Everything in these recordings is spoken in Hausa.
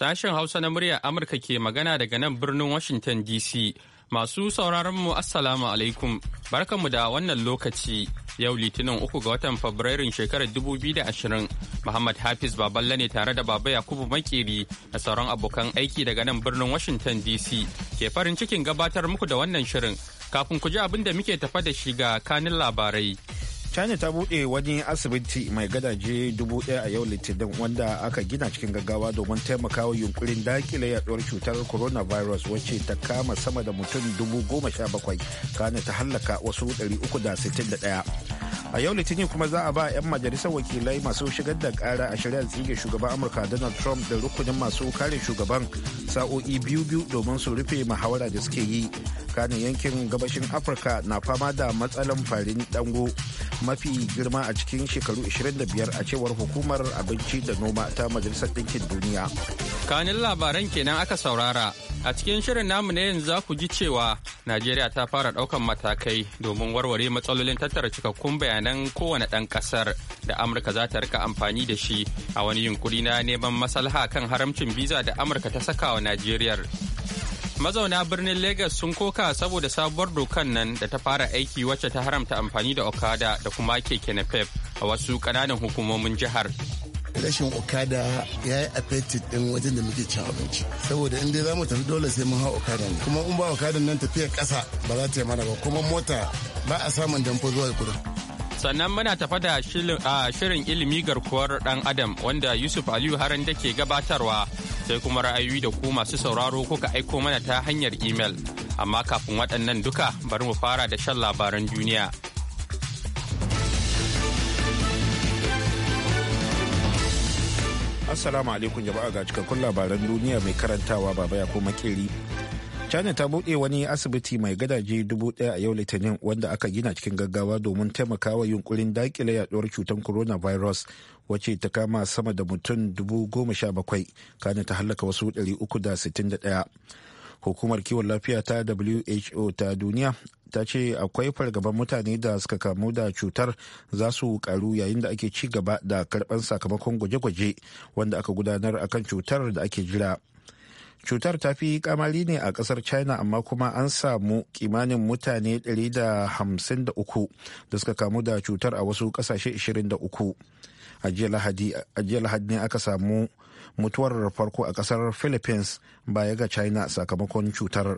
Sashen Hausa na muryar Amurka ke magana daga nan birnin Washington DC. Masu sauraron mu Assalamu alaikum. Barkanmu da wannan lokaci. Yau Litinin uku ga watan Fabrairun shekarar 2020. Muhammad Hafiz Baballe ne tare da Baba Yakubu Makeri da sauran abokan aiki daga nan birnin Washington DC. Ke farin cikin gabatar muku da wannan shirin. Kafin ku ji abin da muke tafa da shi ga kanin labarai. Birtaniya ta buɗe wani asibiti mai gadaje dubu ɗaya a yau litinin wanda aka gina cikin gaggawa domin taimakawa yunkurin dakile yaduwar cutar coronavirus wacce ta kama sama da mutum dubu goma sha bakwai kana ta hallaka wasu ɗari uku da sittin da ɗaya a yau litinin kuma za a ba 'yan majalisar wakilai masu shigar da kara a shirya tsige shugaban amurka donald trump da rukunin masu kare shugaban sa'o'i biyu biyu domin su rufe muhawara da suke yi tsakanin yankin gabashin afirka na fama da matsalan farin dango mafi girma a cikin shekaru 25 a cewar hukumar abinci da noma ta majalisar ɗinkin duniya kanin labaran kenan aka saurara a cikin shirin namu na yanzu za ku ji cewa najeriya ta fara ɗaukan matakai domin warware matsalolin tattara cikakkun bayanan kowane ɗan ƙasar da amurka za ta rika amfani da shi a wani yunkuri na neman maslaha kan haramcin biza da amurka ta saka wa najeriyar Mazauna birnin Legas sun koka saboda sabuwar dokan nan da ta fara aiki wacce ta haramta amfani da Okada da kuma keke napep a wasu kananan hukumomin jihar. rashin okada ya yi affected din wajen da muke cin abinci saboda in dai zamu tafi dole sai mun hau okada ne kuma in ba okada nan tafiya kasa ba za ta yi mana ba kuma mota ba a samun damfo zuwa kudu Sannan muna tafa da shirin ilimi garkuwar dan Adam wanda Yusuf Aliyu Haran da ke gabatarwa sai kuma ra'ayoyi da ku masu sauraro kuka aiko mana ta hanyar imel. Amma kafin waɗannan duka bari mu fara da shan labaran duniya. Assalamu alaikum jama'a ga cikakkun labaran duniya mai karantawa baba ya ko makeri. china ta buɗe wani asibiti mai gadaje dubu ɗaya a yau litinin wanda aka gina cikin gaggawa domin taimakawa yunkurin dakile yaduwar cutar coronavirus wacce ta kama sama da mutum dubu goma sha bakwai kana ta halaka wasu ɗari uku da sittin da ɗaya hukumar kiwon lafiya ta who ta duniya ta ce akwai fargaban mutane da suka kamu da cutar za su karu yayin da ake ci gaba da karban sakamakon gwaje-gwaje wanda aka gudanar akan cutar da ake jira cutar ta fi kamali ne a kasar china amma kuma an samu kimanin mutane 153 da suka kamu da cutar a wasu kasashe 23 a jiya lahadi ne aka samu mutuwar farko a kasar philippines baya ga china sakamakon cutar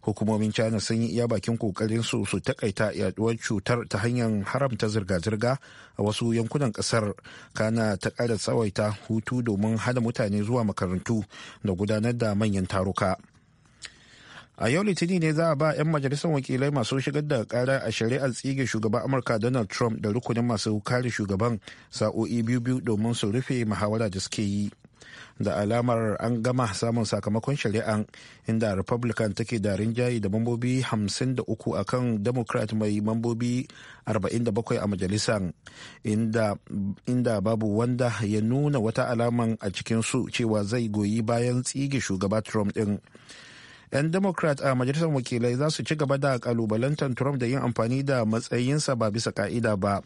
hukumomin china sun yi iya bakin kokarin su su takaita yaduwar cutar ta hanyar haramta zirga-zirga a wasu yankunan kasar kana ta kara tsawaita hutu domin hana mutane zuwa makarantu da gudanar da manyan taruka a yau litinin ne za a ba 'yan majalisar wakilai masu shigar da kara a shari'ar tsige shugaban amurka donald trump da rukunin masu kare shugaban sa'o'i biyu biyu domin su rufe muhawara da suke yi da alamar an gama samun sakamakon shari'an inda republican take da rinjaye da mambobi 53 a kan democrat mai mambobi 47 a majalisar inda, inda babu wanda ya nuna wata alaman a cikinsu cewa zai goyi bayan tsige shugaba trump din. 'yan democrat a majalisar wakilai za su ci gaba da kalubalantar trump da yin amfani da matsayinsa ba bisa ka'ida ba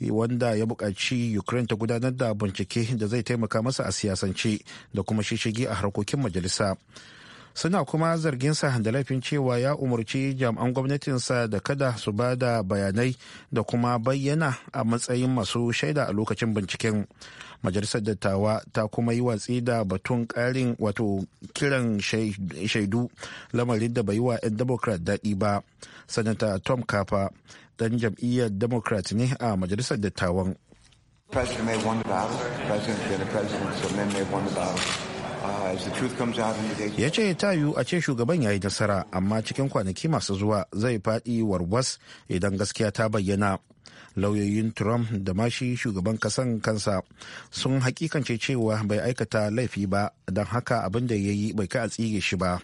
wanda ya buƙaci ukraine ta gudanar da bincike da zai taimaka masa a siyasance da kuma shishigi a harkokin majalisa suna kuma zarginsa da laifin cewa ya umarci jami'an gwamnatinsa da kada su ba da bayanai da kuma bayyana a matsayin masu shaida a lokacin binciken majalisar dattawa ta kuma yi watsi da batun karin wato kiran shaidu lamarin da bai wa 'yan democrat daɗi ba sanata tom kafa dan jam'iyyar democrat ne a majalisar dattawan President may have won the battle. President, the so men may have won the battle. Ah, ya ce ta yiwu a ce shugaban ya yi nasara amma cikin kwanaki masu zuwa zai faɗi warwas idan gaskiya ta bayyana lauyoyin trump da mashi shugaban kasan kansa sun hakikance cewa bai aikata laifi ba don haka abin da ya yi bai kai a tsige shi ba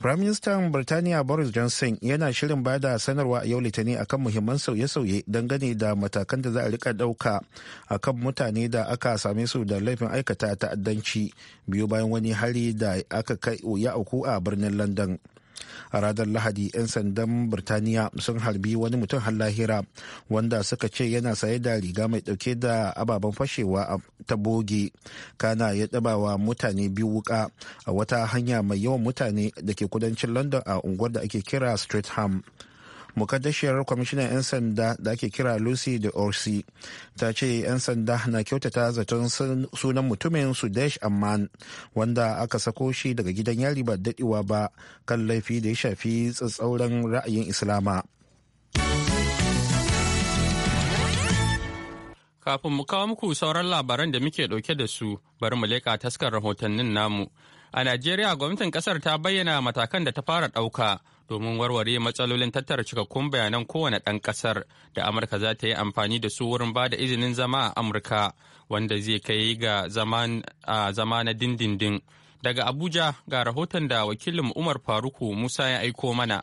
Firaministan Birtaniya Boris Johnson yana shirin ba da sanarwa a yau litani akan muhimman sauye-sauye dangane da matakan da za a rika ɗauka akan mutane da aka same su da laifin aikata ta'addanci biyu bayan wani hari da aka kai ya auku a birnin London. a ranar lahadi 'yan sandan birtaniya sun harbi wani mutum har lahira wanda suka ce yana saye da riga mai dauke da ababen fashewa ta boge kana ya daba mutane biyu wuka a wata hanya mai yawan mutane da ke kudancin london a unguwar da ake kira streatham ham mukaddashiyar kwamishinan 'yan sanda da ake kira lucy de orsi ta ce 'yan sanda na kyautata zaton sunan mutumin su sudesh amman wanda aka sako shi daga gidan yari ba daɗewa ba kan laifi da ya shafi tsatsauran ra'ayin islama kafin mu kawo muku sauran labaran da muke ɗauke da su bari mu leƙa taskar rahotannin namu a najeriya gwamnatin ƙasar ta bayyana matakan da ta fara ɗauka domin warware matsalolin tattara cikakkun bayanan kowane ɗan ƙasar da amurka za ta yi amfani da su wurin ba da izinin zama a amurka wanda zai kai ga zama na dindindin daga abuja ga rahoton da wakilin umar faruku musa ya aiko mana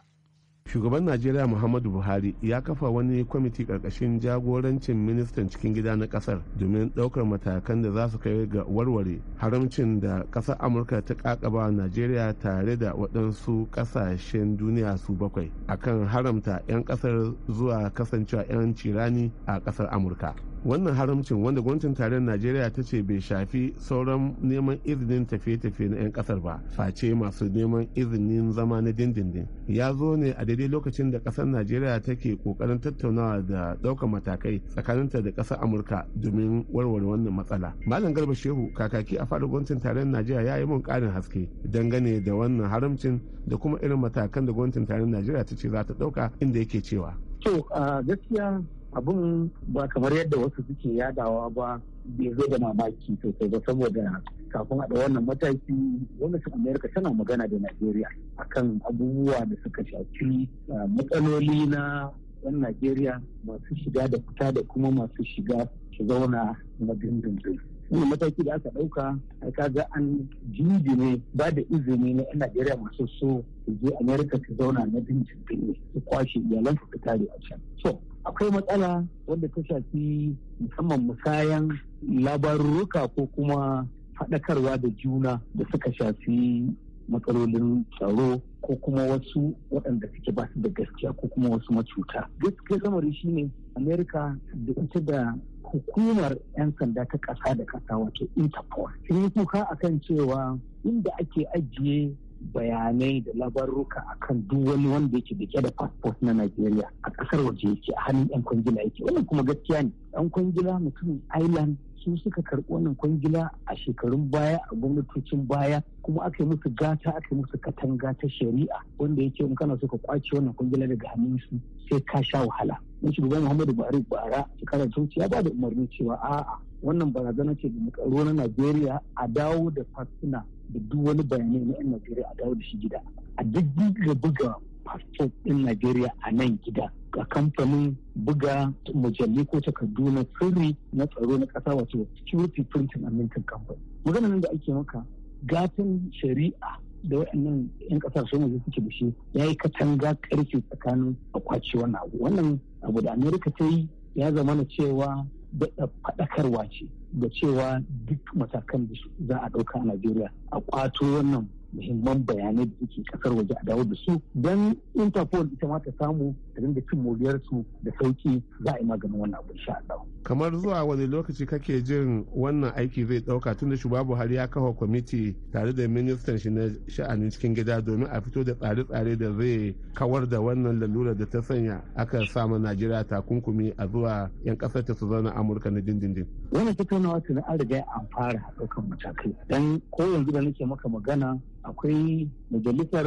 shugaban najeriya muhammadu buhari ya kafa wani kwamiti karkashin jagorancin ministan cikin gida na kasar domin daukar matakan da za su kai ga warware haramcin da kasar amurka ta kakaba najeriya tare da waɗansu kasashen duniya su bakwai akan haramta 'yan kasar zuwa kasancewa 'yan cirani a kasar amurka wannan haramcin wanda gwamnatin tarayyar najeriya ta ce bai shafi sauran neman izinin tafiye-tafiye na 'yan kasar ba face masu neman izinin zama na dindindin ya zo ne a daidai lokacin da kasar najeriya take kokarin tattaunawa da ɗaukar matakai tsakaninta da kasar amurka domin warware wannan matsala malam garba shehu kakaki a faɗin gwamnatin tarayyar najeriya ya yi mun karin haske dangane da wannan haramcin da kuma irin matakan da gwamnatin tarayyar najeriya ta ce za ta ɗauka inda yake cewa to gaskiya abun ba kamar yadda wasu suke yadawa ba bai zo da mamaki sosai ba saboda kafin haɗa wannan mataki gwamnatin amerika tana magana da najeriya akan abubuwa da suka shafi matsaloli na yan najeriya masu shiga da fita da kuma masu shiga su zauna na dindindin wani mataki da aka ɗauka a kaga an jibi ne ba da izini na yan najeriya masu so su je amerika su zauna na dindindin ne su kwashe iyalan su da a can so akwai matsala wanda ta shafi musamman musayan labarurruka ko kuma faɗakarwa da juna da suka shafi matsalolin tsaro ko kuma wasu waɗanda suke ba su da gaskiya ko kuma wasu macuta. Gaskiya shi ne. Amerika da ita da hukumar 'yan sanda ta ƙasa da ƙasa wato Interpol. Sun yi kuka akan cewa inda ake ajiye bayanai da labaruka akan duk wani wanda yake da da passport na Najeriya a ƙasar waje yake a hannun 'yan kwangila yake. Wannan kuma gaskiya ne. 'Yan kwangila mutumin Island su suka karɓi wannan kwangila a shekarun baya a gwamnatocin baya kuma aka yi musu gata aka yi musu katanga ta shari'a wanda yake in kana so ka kwace wannan kwangila daga hannunsu sai ka sha wahala shi shugaban muhammadu buhari bara shekarar ta ya ba da umarni cewa a'a wannan barazana ce da tsaro na najeriya a dawo da fasuna da duk wani bayanai na 'yan najeriya a dawo da shi gida a duk buga buga fasfo ɗin najeriya a nan gida a kamfanin buga mujalli ko takardu na sirri na tsaro na ƙasa wato security printing and minting company maganar da ake maka gatan shari'a da waɗannan 'yan sun waje suke da shi ya yi katanga ƙarfi tsakanin akwaci wannan abu wannan abu da amerika ta yi ya zama na cewa daɗa faɗakarwa ce da cewa duk matakan da za a ɗauka a najeriya a ƙwato wannan muhimman bayanai da suke ƙasar waje a dawo da su don interpol ita ma ta samu ashirin da cin su da sauki za a yi maganin wannan abu sha Allah. Kamar zuwa wani lokaci kake jin wannan aiki zai ɗauka tunda shugaba Buhari ya kafa kwamiti tare da ministan shi na sha'anin cikin gida domin a fito da tsare-tsare da zai kawar da wannan lalura da ta sanya aka sama Najeriya takunkumi a zuwa 'yan kasar ta su zauna Amurka na dindindin. Wannan tattaunawa tuni an riga an fara ɗaukan matakai. Dan ko yanzu da nake maka magana akwai majalisar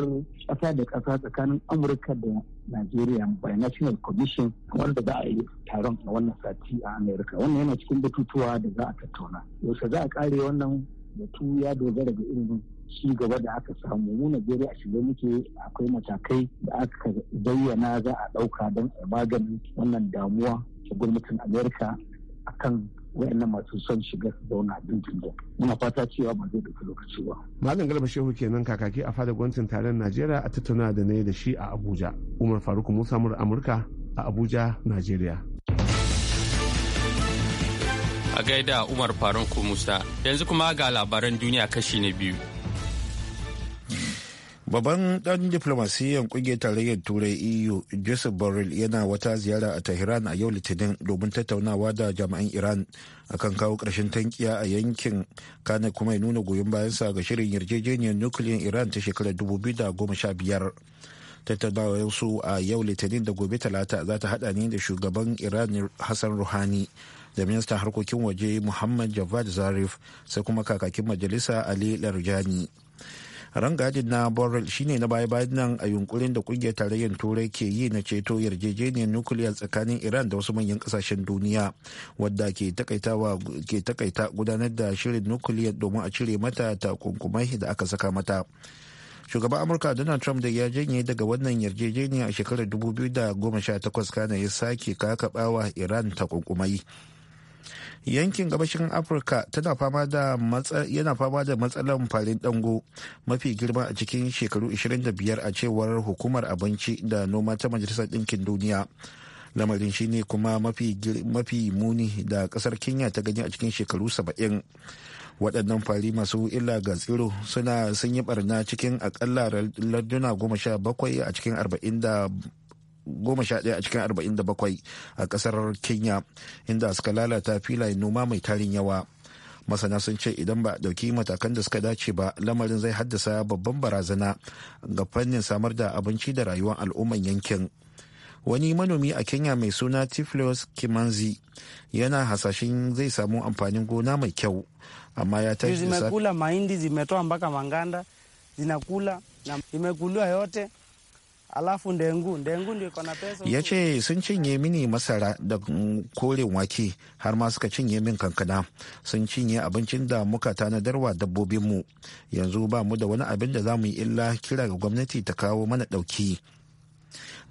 ƙasa da ƙasa tsakanin Amurka da nigeria Binational Commission wanda za a yi taron a wannan sati a Amerika. Wannan yana cikin batutuwa da za a tattauna. Yaushe za a kare wannan batu ya dogara ga irin ci gaba da aka samu mu Najeriya a shirye muke akwai matakai da aka bayyana za a ɗauka don a maganin wannan damuwa ta gwamnatin Amerika akan wayannan masu son shiga su zauna dindindin muna fata cewa ba zai dauki lokaci ba malam garba shehu kenan kakaki a fada gwamnatin taron najeriya a tattauna da na da shi a abuja umar faruk musa mura amurka a abuja najeriya a gaida umar faruk musa yanzu kuma ga labaran duniya kashi na biyu Babban ɗan diflomasiyyar ƙungiyar tarayyar Turai EU, Joseph Borrell yana wata ziyara a Tehran a yau Litinin domin tattaunawa da jami'an Iran akan kawo ƙarshen tankiya a yankin kane kuma ya nuna goyon bayansa ga shirin yarjejeniyar nukiliyar Iran ta shekarar 2015. tattaunawar su a yau litinin da gobe talata za ta hada ne da shugaban iran hassan ruhani da ministan harkokin waje muhammad javad zarif sai kuma kakakin majalisa ali larjani rangadin na borrell shine na baya-bayan nan a yunkurin da kungiyar tarayyar turai ke yi na ceto yarjejeniyar nukiliyar tsakanin iran da wasu manyan kasashen duniya wadda ke takaita gudanar da shirin nukiliyar domin a cire mata takunkumai da aka saka mata shugaban amurka donald trump da ya janye daga wannan yarjejeniya a shekarar 2018 kana ya sake kakabawa iran takunkumai yankin gabashin afirka tana fama da yana fama da matsalar farin dango mafi girma a cikin shekaru 25 a cewar hukumar abinci da noma ta majalisar ɗinkin duniya lamarin shine kuma mafi muni da kasar kenya ta gani a cikin shekaru 70 waɗannan fari masu illa ga tsiro suna sun yi barna cikin akalla larduna 17 a cikin goma sha ɗaya a cikin arba'in da bakwai a ƙasar kenya inda suka lalata filayen noma mai tarin yawa masana sun ce idan ba ɗauki matakan da suka dace ba lamarin zai haddasa babban barazana ga fannin samar da abinci da rayuwar al'umman yankin wani manomi a kenya mai suna tiflos kimanzi yana hasashen zai samu amfanin gona mai kyau amma ya tashi zimekula mahindi zimetoa mpaka manganda zinakula imekuliwa yote ya ce sun cinye mini masara da koren wake har ma suka cinye min kankana sun cinye abincin da muka tanadarwa dabbobinmu yanzu ba mu da wani abin da za mu yi illa kira ga gwamnati ta kawo mana ɗauki.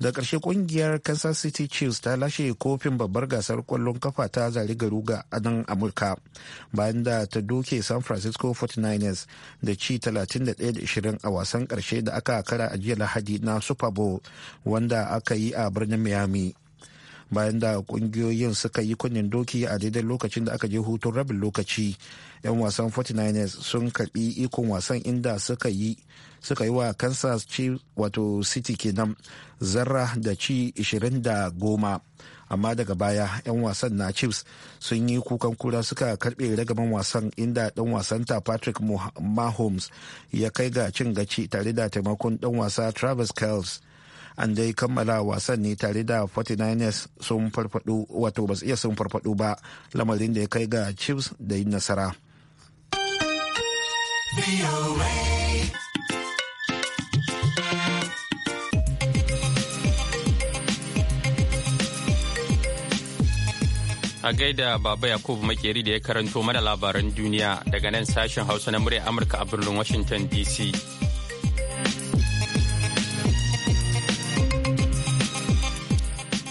da ƙarshe kungiyar kansas city chiefs ta lashe kofin babbar gasar kwallon kafa ta zarigaruga garu a nan amurka bayan da ta doke san francisco 49ers da ci 31-20 a wasan karshe da aka kara a jiya lahadi na super bowl wanda aka yi a birnin miami bayan da kungiyoyin suka yi kunnen doki a daidai lokacin da aka je hutun rabin lokaci yan wasan 49ers sun karbi ikon wasan inda suka yi suka yi wa kansas ci wato city kenan zarra da ci 20 da goma amma daga baya 'yan wasan na chiefs sun yi kukan kura suka karbe ragaman wasan inda dan wasanta patrick mahomes ya kai ga cin gaci tare da taimakon dan wasa travis kells an dai kammala wasan ne tare da 49ers sun farfadu wato ba su iya sun farfadu ba lamarin da ya kai ga chiefs da yin nasara a gaida baba yakubu makeri da ya karanto mana labaran duniya daga nan sashen hausa na murya amurka a birnin washington dc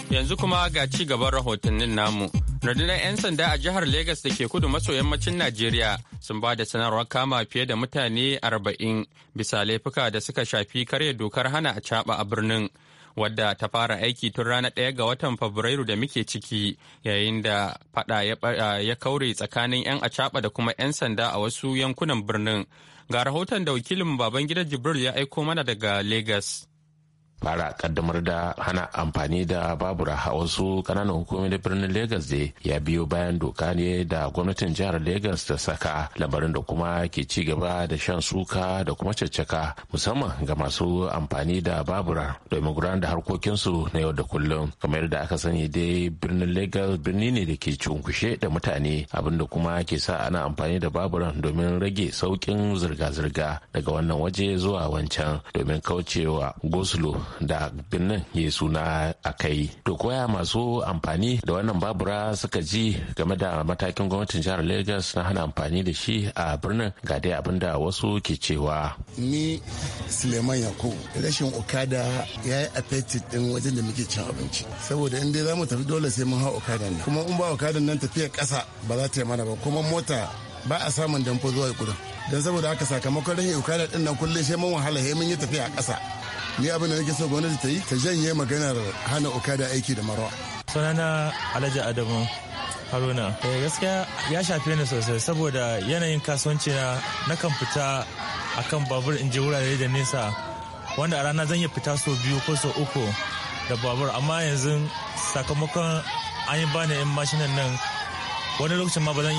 Yanzu kuma ga ci gaban rahotannin namu. Rundunar 'yan sanda a jihar Legas da ke kudu maso yammacin Najeriya sun ba da sanarwar kama fiye da mutane arba'in bisa laifuka da suka shafi karya dokar hana a caɓa a birnin. wadda ta fara aiki tun ranar ɗaya ga watan Fabrairu da muke ciki yayin da fada ya kaure tsakanin 'yan acaɓa da kuma 'yan sanda a wasu yankunan birnin. Ga rahoton da wakilin baban Babangida Jibril ya aiko mana daga Legas. fara kaddamar da hana amfani da babura a wasu kananan hukumomi birnin Legas da ya biyo bayan doka ne da gwamnatin jihar Legas ta saka lamarin da kuma ke ci gaba da shan suka da kuma caccaka musamman ga masu amfani da babura domin gudanar da harkokinsu na yau da kullum kamar da aka sani dai birnin Legas birni ne da ke cunkushe da mutane abinda kuma ke sa ana amfani da babura domin rage saukin zirga-zirga daga wannan waje zuwa wancan domin kaucewa gosulo da birnin ya suna a kai to koya masu amfani da wannan babura suka ji game da matakin gwamnatin jihar lagos na hana amfani da shi a birnin ga dai abin da wasu ke cewa ni suleiman yako rashin okada ya yi affected din wajen da muke cin abinci saboda in dai za mu tafi dole sai mun hau okada ne kuma in ba okada nan tafiya ƙasa ba za ta yi mana ba kuma mota ba a samun damfo zuwa kudin don saboda haka sakamakon rashin okada din nan kullum sai mun wahala sai mun yi tafiya a ƙasa ni abin da nake so gwamnati ta yi ta janye maganar hana okada aiki da marwa sunana alhaji adamu haruna eh, gaskiya ya shafe ni sosai saboda yanayin kasuwanci na kan fita akan babur in je wurare da nesa wanda a rana zan iya fita sau biyu ko sau uku da babur amma yanzu sakamakon an yi bani yan mashinan nan wani lokacin ma ba zan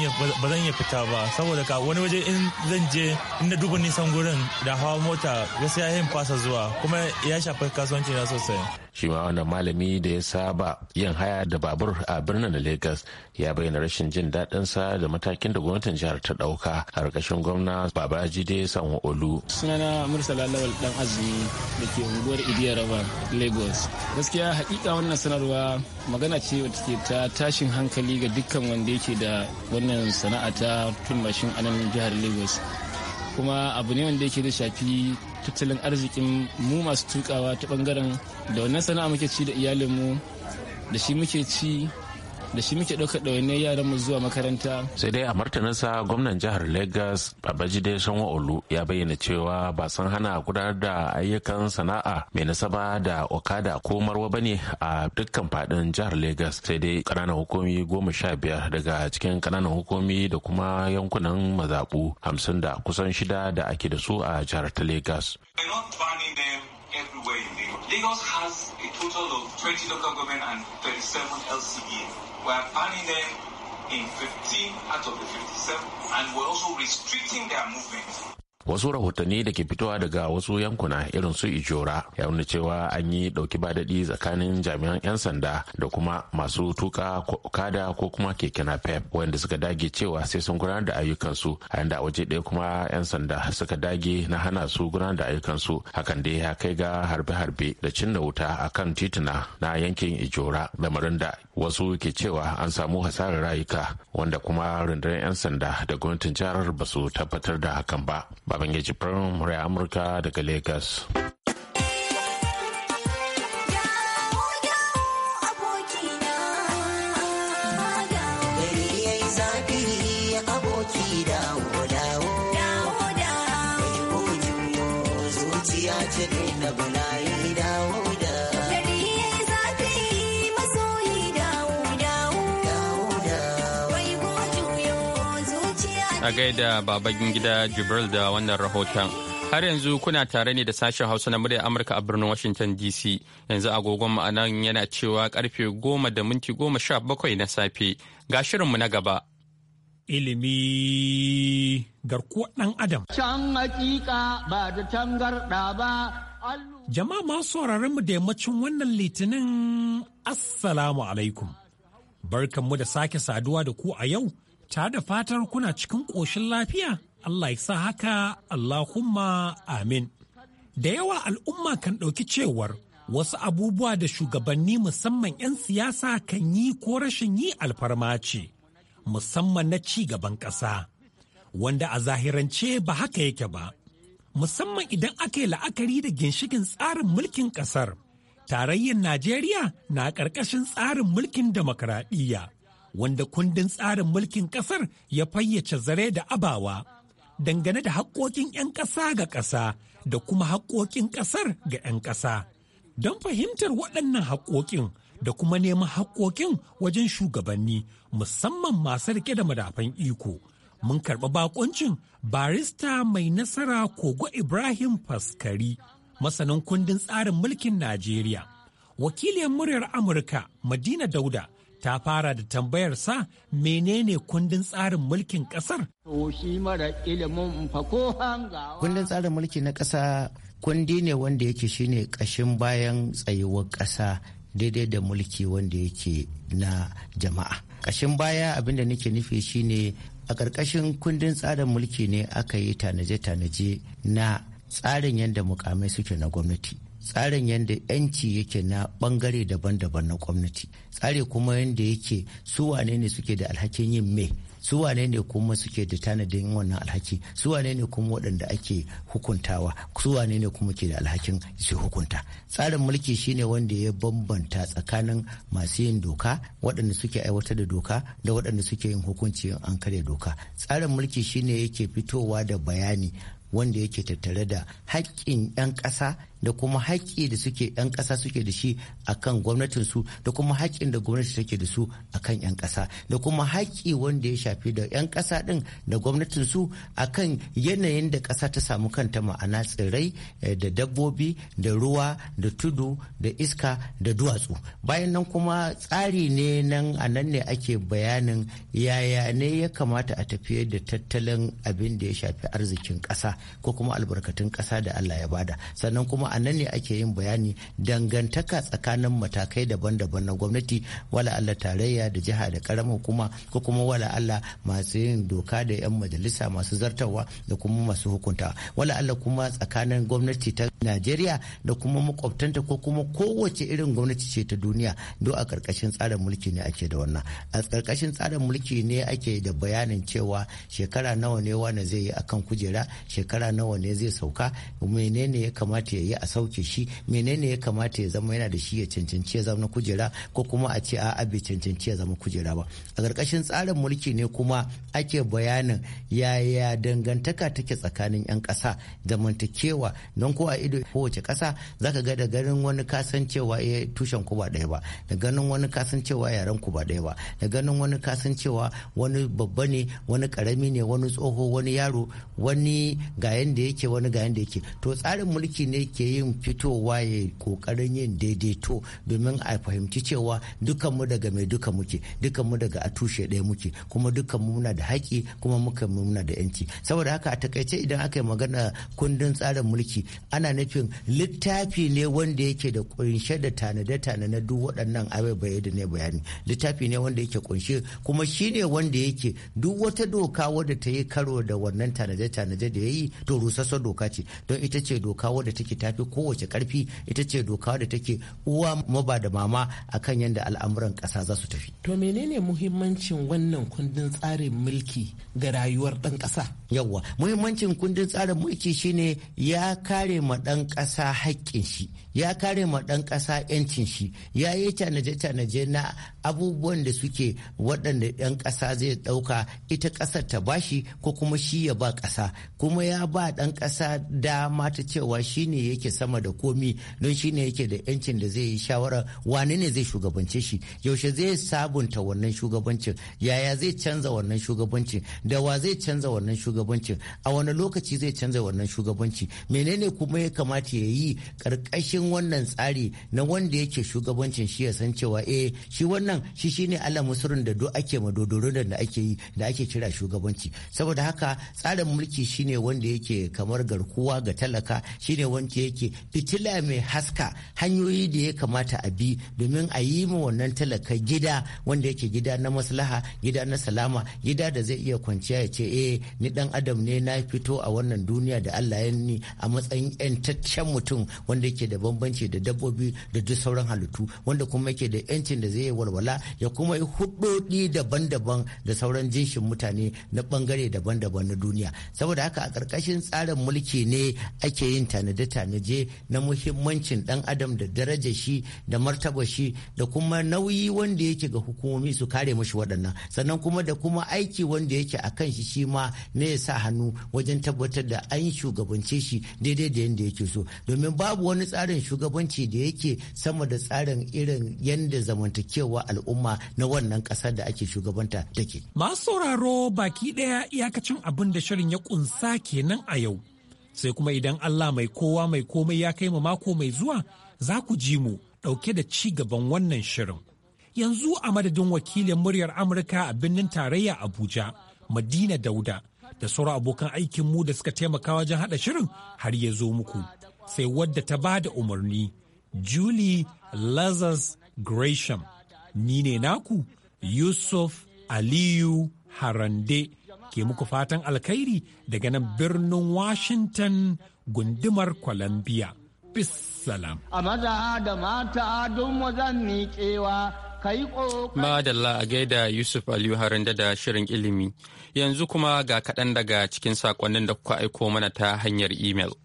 iya fita ba saboda ka wani waje in zan je inda duba nisan gurin da hawa mota gaskiya yin fasa zuwa kuma ya shafi kasuwanci na sosai shi ma wannan malami da ya saba yin haya da babur a birnin lagos ya bayyana rashin jin daɗinsa da matakin da gwamnatin jihar ta ɗauka a ƙarƙashin gwamna babajide sanwo olu sunana mursala lawal dan azumi da ke unguwar idiyar raba lagos gaskiya hakika wannan sanarwa magana ce wata ke ta tashin hankali ga dukkan wanda yake da wannan sana'a ta tun mashin a jihar lagos kuma abu ne wanda yake da shafi tattalin arzikin mu masu tukawa ta bangaren da wannan sana'a muke ci da iyalinmu da shi muke ci da shi muke ɗaukar ɗawainiyar yaran mu zuwa makaranta. sai dai a martaninsa gwamnan jihar lagos babajide sanwo olu ya bayyana cewa ba san hana gudanar da ayyukan sana'a mai nasaba da okada ko marwa ba ne a dukkan faɗin jihar lagos sai dai ƙananan hukumi goma sha biyar daga cikin kananan hukumi da kuma yankunan mazaɓu hamsin da kusan shida da ake da su a jihar ta lagos. Lagos has a total of 20 local government and 37 LCE. We're banning them in 15 out of the 57, and we're also restricting their movement. wasu rahotanni da ke fitowa daga wasu yankuna irin su ijora ya nuna cewa an yi dauki badadi tsakanin jami'an 'yan sanda da kuma masu tuka kada ko kuma keke pep wanda suka dage cewa sai sun gudanar da ayyukansu a yanda a waje ɗaya kuma 'yan sanda suka dage na hana su gudanar da ayyukansu hakan dai ya kai ga harbe-harbe da cinna wuta a kan tituna na yankin ijora lamarin da wasu ke cewa an samu hasarar rayuka wanda kuma rundunar 'yan sanda da gwamnatin jihar ba su tabbatar da hakan ba Babangiji Firin Murai Amurka daga Lagos. Zuciya bala A gaida babangida gida Jibril da wannan rahoton. Har yanzu kuna tare ne da sashen Hausa na muryar Amurka a birnin Washington DC. Yanzu agogon ma'anan yana cewa karfe goma da minti goma sha bakwai na safe. Ga shirinmu na gaba. Ilimi garkuwar ɗan Adam. Can hakika ba da tangarɗa ba. Jama'a masu sauraron mu da yammacin wannan litinin Assalamu alaikum. Barkanmu da sake saduwa da ku a yau. Ta da fatar kuna cikin ƙoshin lafiya Allah ya sa haka Allahumma amin. Da yawa al'umma kan ɗauki cewar wasu abubuwa da shugabanni musamman 'yan siyasa kan yi ko rashin yi alfarma ce, musamman na ci gaban ƙasa, wanda a zahirance ba haka yake ba. Musamman idan aka yi la'akari da ginshikin tsarin mulkin ƙasar, tarayyar Najeriya na ƙarƙashin tsarin mulkin demokradiyya. wanda kundin tsarin mulkin ƙasar ya fayyace zare da abawa dangane da haƙoƙin 'yan ƙasa ga ƙasa da kuma haƙoƙin ƙasar ga 'yan ƙasa. Don fahimtar waɗannan haƙoƙin. da kuma neman haƙoƙin wajen shugabanni musamman masu rike da madafan iko. Mun karɓi bakoncin barista mai nasara Kogo Ibrahim Faskari, masanin kundin tsarin mulkin Najeriya. Wakiliyar muryar Amurka Madina Dauda ta fara da tambayar sa menene kundin tsarin mulkin kasar. Kundin tsarin mulki na ƙasa kundi ne wanda yake shine ƙashin bayan tsayuwar ƙasa daidai da mulki wanda yake na jama'a. Ƙashin baya abinda nake nufi shine a ƙarƙashin kundin tsarin mulki ne aka yi tanaje-tanaje na tsarin yadda mukamai suke na gwamnati. tsarin yadda yanci yake na bangare daban-daban na gwamnati tsari kuma yadda yake su wane ne suke da alhakin yin me su wane ne kuma suke da tanadin wannan alhaki su wane ne kuma waɗanda ake hukuntawa su wane ne kuma ke da alhakin su hukunta tsarin mulki shine wanda ya bambanta tsakanin masu yin doka waɗanda suke aiwatar da doka da waɗanda suke yin hukunci an karya doka tsarin mulki shine yake fitowa da bayani wanda yake tattare da haƙƙin 'yan ƙasa da kuma haƙƙi da suke 'yan ƙasa suke da shi a kan gwamnatinsu da kuma haƙƙin da gwamnati take da su kan 'yan ƙasa da kuma haƙƙi wanda ya shafi da 'yan ƙasa ɗin da gwamnatinsu a kan yanayin da ƙasa ta samu kanta ma'ana tsirrai eh, da dabbobi da ruwa da tudu da iska da duwatsu bayan nan kuma tsari ne nan a nan ne ake bayanin yaya ne ya kamata a tafiyar da tattalin abin da ya shafi arzikin ƙasa ko kuma albarkatun ƙasa da Allah ya bada sannan kuma kuma nan ne ake yin bayani dangantaka tsakanin matakai daban-daban na gwamnati wala Allah tarayya da jiha da karamar hukuma ko kuma wala Allah masu yin doka da 'yan majalisa masu zartawa da kuma masu hukunta wala Allah kuma tsakanin gwamnati ta Najeriya da kuma makwabtanta ko kuma kowace irin gwamnati ce ta duniya do a karkashin tsarin mulki ne ake da wannan a karkashin tsarin mulki ne ake da bayanin cewa shekara nawa ne wani zai yi akan kujera shekara nawa ne zai sauka menene ya kamata ya yi a sauke shi menene ya kamata ya zama yana da shi ya cancanci ya zama kujera ko kuma a ce a bai cancanci ya zama kujera ba a ƙarƙashin tsarin mulki ne kuma ake bayanin yaya dangantaka take tsakanin 'yan ƙasa zamantakewa don ko a ido kowace ƙasa zaka ga da ganin wani kasancewa ya eh, tushen ku ba ɗaya ba da ganin wani kasancewa yaren ku ba ɗaya ba da ganin wani kasancewa wani babba ne wani ƙarami ne wani tsoho wani yaro wani ga yanda yake wani ga yanda yake to tsarin mulki ne ke yin fitowa ya kokarin yin daidaito domin a fahimci cewa dukan mu daga mai duka muke dukan mu daga a tushe ɗaya muke kuma dukan mu muna da haƙi kuma muka muna da yanci saboda haka a takaice idan aka yi magana kundin tsarin mulki ana nufin littafi ne wanda yake da kunshe da tanade-tanade duk waɗannan abubuwa da ne bayani littafi ne wanda yake kunshe kuma shine wanda yake duk wata doka wadda ta yi karo da wannan tanade-tanade da ya yi to rusassar doka ce don ita ce doka wadda take tafi fi kowace karfi ita ce doka da take uwa ba da mama akan yadda al'amuran ƙasa za su tafi. To menene muhimmancin wannan kundin tsarin mulki ga rayuwar ɗan ƙasa? Yawwa muhimmancin kundin tsarin mulki shine ya kare ma ɗan ƙasa haƙƙin shi ya kare ma ɗan ƙasa 'yancin shi ya yi canaje canaje na abubuwan da suke waɗanda yan ƙasa zai ɗauka ita ƙasar ta bashi ko kuma shi ya ba ƙasa kuma ya ba ɗan ƙasa dama ta cewa shine yake sama da komi don shi ne yake da yancin da zai yi shawara wane ne zai shugabance shi yaushe zai sabunta wannan shugabancin yaya zai canza wannan shugabancin da wa zai canza wannan shugabancin a wani lokaci zai canza wannan shugabanci menene kuma ya kamata ya yi karkashin wannan tsari na wanda yake shugabancin shi ya san cewa eh shi wannan shi shine Allah musurin da do ake madodoro da ake yi da ake kira shugabanci saboda haka tsarin mulki shine wanda yake kamar garkuwa ga talaka shine wanda yake yake fitila mai haska hanyoyi da ya kamata a bi domin a yi ma wannan talaka gida wanda yake gida na maslaha gida na salama gida da zai iya kwanciya ya ce eh ni dan adam ne na fito a wannan duniya da Allah ya ni a matsayin yantaccen mutum wanda yake da bambanci da dabbobi da duk sauran halittu wanda kuma yake da yancin da zai yi walwala ya kuma yi hudodi daban-daban da sauran jinshin mutane na bangare daban-daban na duniya saboda haka a karkashin tsarin mulki ne ake yin tanade-tanade tarje na muhimmancin dan adam da daraja shi da martaba shi da kuma nauyi wanda yake ga hukumomi su kare mashi waɗannan sannan kuma da kuma aiki wanda yake a kan shi shi ma ne ya sa hannu wajen tabbatar da an shugabance shi daidai da yadda yake so domin babu wani tsarin shugabanci da yake sama da tsarin irin yadda zamantakewa al'umma na wannan ƙasar da ake shugabanta take. Masu sauraro baki ɗaya iyakacin abin da shirin ya ƙunsa kenan a yau. sai kuma idan Allah mai kowa mai komai ya kai mu mako mai zuwa za ku ji mu ɗauke da ci gaban wannan shirin. Yanzu a madadin wakilin muryar Amurka a birnin tarayya Abuja, Madina Dauda, da sauran abokan aikin mu da suka taimaka wajen haɗa shirin har ya zo muku. Sai wadda ta ba da umarni, Julie Lazarus Gresham, ni ne naku Yusuf Aliyu Harande. ke muku fatan alkhairi daga nan birnin Washington gundumar Columbia. Bissalam. A maza da mata don wajen miƙewa Madalla a gaida Yusuf Aliyu Haranda da Shirin Ilimi. Yanzu kuma ga kaɗan daga cikin saƙonnin da kuka aiko mana ta hanyar imel.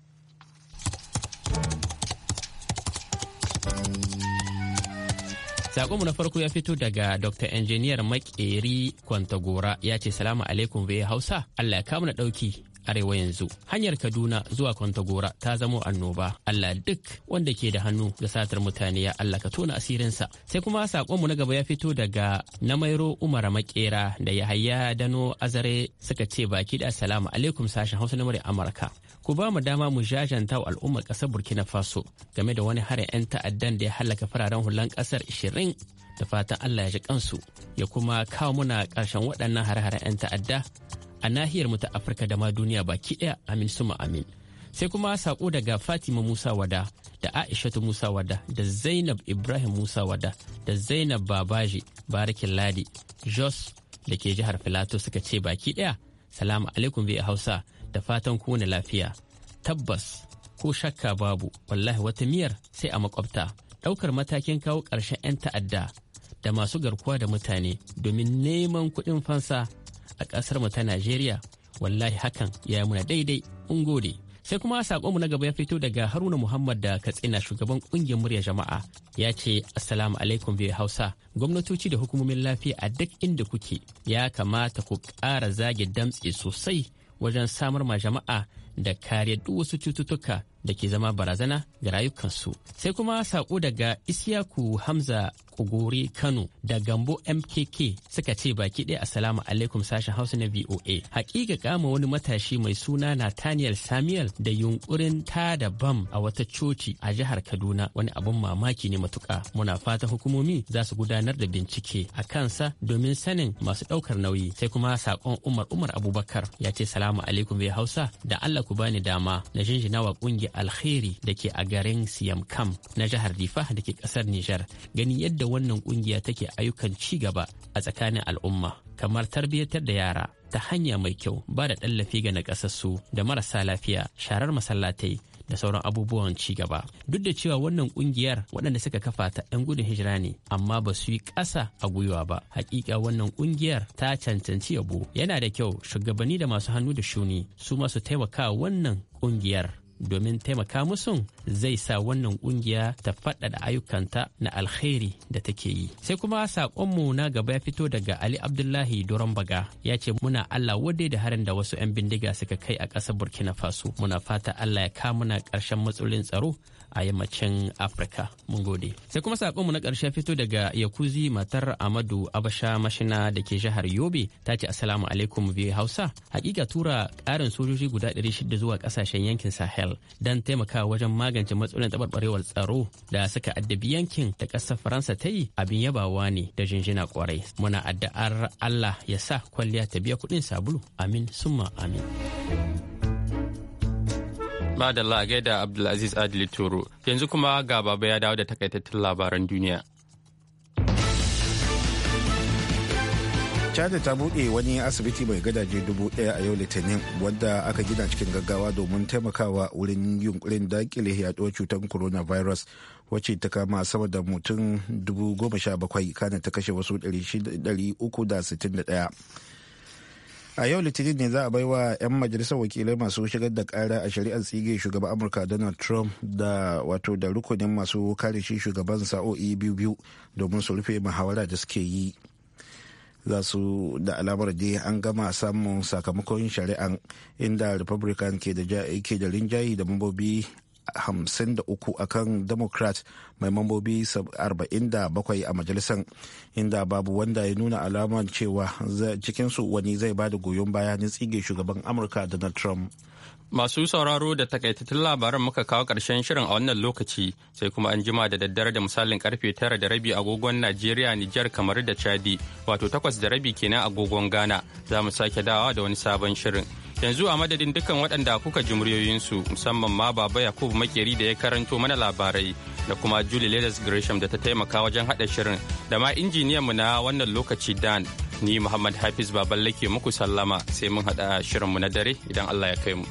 Sakonmu na farko ya fito daga Dr. Engineer Makeri Kwantagora ya ce salamu alaikum bai Hausa Allah ya kamu na ɗauki arewa yanzu hanyar kaduna zuwa kwantagora ta zamo annoba allah duk wanda ke da hannu ga satar mutane ya allah ka tona asirinsa sai kuma sakonmu na gaba ya fito daga namairo umar makera da yahaya dano azare suka ce baki da salamu alaikum sashen hausa na amurka ku ba mu dama mu jajanta wa al'ummar ƙasar burkina faso game da wani harin 'yan ta'addan da ya halaka fararen hulan ƙasar 20 da fatan allah ya ji kansu ya kuma kawo muna ƙarshen waɗannan hare-haren 'yan ta'adda a nahiyar mu ta afirka da ma duniya baki ɗaya amin suma amin sai kuma sako daga fatima musa wada da aishatu musa wada da zainab ibrahim musa wada da zainab babaji barakin ladi jos da ke jihar filato suka ce baki ɗaya salamu alaikum bi hausa da fatan kuna lafiya tabbas ko shakka babu wallahi wata miyar sai a makwabta ɗaukar matakin kawo ƙarshen 'yan ta'adda da masu garkuwa da mutane domin neman kuɗin fansa a ƙasar mu ta Najeriya wallahi hakan ya yi muna daidai in gode. Sai kuma mu na gaba ya fito daga Haruna Muhammad da Katsina shugaban ƙungiyar murya jama'a ya ce Assalamu alaikum bai Hausa gwamnatoci da hukumomin lafiya a duk inda kuke ya kamata ku ƙara zage damtse sosai wajen samar ma jama'a da kariyar duk wasu cututtuka da ke zama barazana ga rayukansu. Sai kuma saƙo daga Isiyaku Hamza Kogori Kano da Gambo MKK suka ce baki ɗaya Assalamu alaikum sashen Hausa na VOA. Hakika kama wani matashi mai suna Nathaniel Samuel da yunkurin ta da bam a wata coci a jihar Kaduna wani abun mamaki ne matuka. Muna fata hukumomi za su gudanar da bincike a kansa domin sanin masu ɗaukar nauyi. Sai kuma saƙon Umar Umar Abubakar ya ce salamu alaikum bai Hausa da Allah ku bani dama na jinjina wa ƙungiyar alheri da ke a garin kam na jihar Difa da ke ƙasar Nijar. Gani yadda yadda wannan kungiya take ayyukan ci gaba a tsakanin al'umma kamar tarbiyyatar da yara ta hanya mai kyau ba da tallafi ga nakasassu da marasa lafiya sharar masallatai da sauran abubuwan ci gaba duk da cewa wannan kungiyar waɗanda suka kafa ta 'yan gudun hijira ne amma ba su yi ƙasa a gwiwa ba hakika wannan kungiyar ta cancanci yabo yana da kyau shugabanni da masu hannu da shuni su masu taimaka wannan kungiyar domin taimaka musu zai sa wannan kungiya ta faɗaɗa ayyukanta na alkhairi da take yi sai kuma saƙonmu na gaba ya fito daga ali abdullahi doron baga ya ce muna allah wadai da harin da wasu 'yan bindiga suka kai a ƙasar burkina faso muna fata allah ya kamuna ƙarshen matsalolin tsaro a yammacin afirka mun gode sai kuma mu na ƙarshe fito daga yakuzi matar amadu abasha mashina da ke jihar yobe ta ce assalamu alaikum biyu hausa hakika tura ƙarin sojoji guda ɗari 600 zuwa ƙasashen yankin sahel don taimakawa wajen magance matsalolin taɓarɓarewar tsaro da suka addabi yankin da ƙasar faransa ta yi abin yabawa ne da jinjina kwarai muna addu'ar allah ya sa kwalliya ta biya kuɗin sabulu amin summa amin Madalla gaida Abdulaziz Adili Toro. Yanzu kuma ga baba ya dawo da takaitattun labaran duniya. Chad ta buɗe wani asibiti mai gadaje dubu ɗaya a yau Litinin wadda aka gina cikin gaggawa domin taimakawa wurin yunkurin dakile yaɗuwar cutar coronavirus wacce ta kama sama da mutum dubu goma sha bakwai kana ta kashe wasu ɗari uku da sittin da ɗaya. a yau litinin ne za a baiwa 'yan majalisar wakilai masu shigar da kara a shari'ar tsige shugaban amurka donald trump da wato da rukunin masu kare shi shugaban sa'o'i biyu biyu domin su rufe muhawara da suke yi za su da alamar dai an gama samun sakamakon shari'an inda republican ke da rinjayi da mambobi 53 a kan democrat mai mambobi 47 a majalisar inda babu wanda ya nuna alamar cewa cikinsu wani zai ba da goyon baya na tsige shugaban amurka donald trump masu sauraro da takaitattun labaran muka kawo karshen shirin a wannan lokaci sai kuma an jima da daddare da misalin karfe tara da rabi agogon najeriya niger kamar da chadi wato takwas da rabi kenan agogon ghana za mu sake dawa da wani sabon shirin yanzu a madadin dukkan waɗanda kuka ji muryoyinsu musamman ma baba yakub makeri da ya karanto mana labarai da kuma julie ladis gresham da ta taimaka wajen haɗa shirin da ma injiniyanmu na wannan lokaci dan ni muhammad hafiz baballe ke muku sallama sai mun haɗa shirinmu na dare idan allah ya kai mu.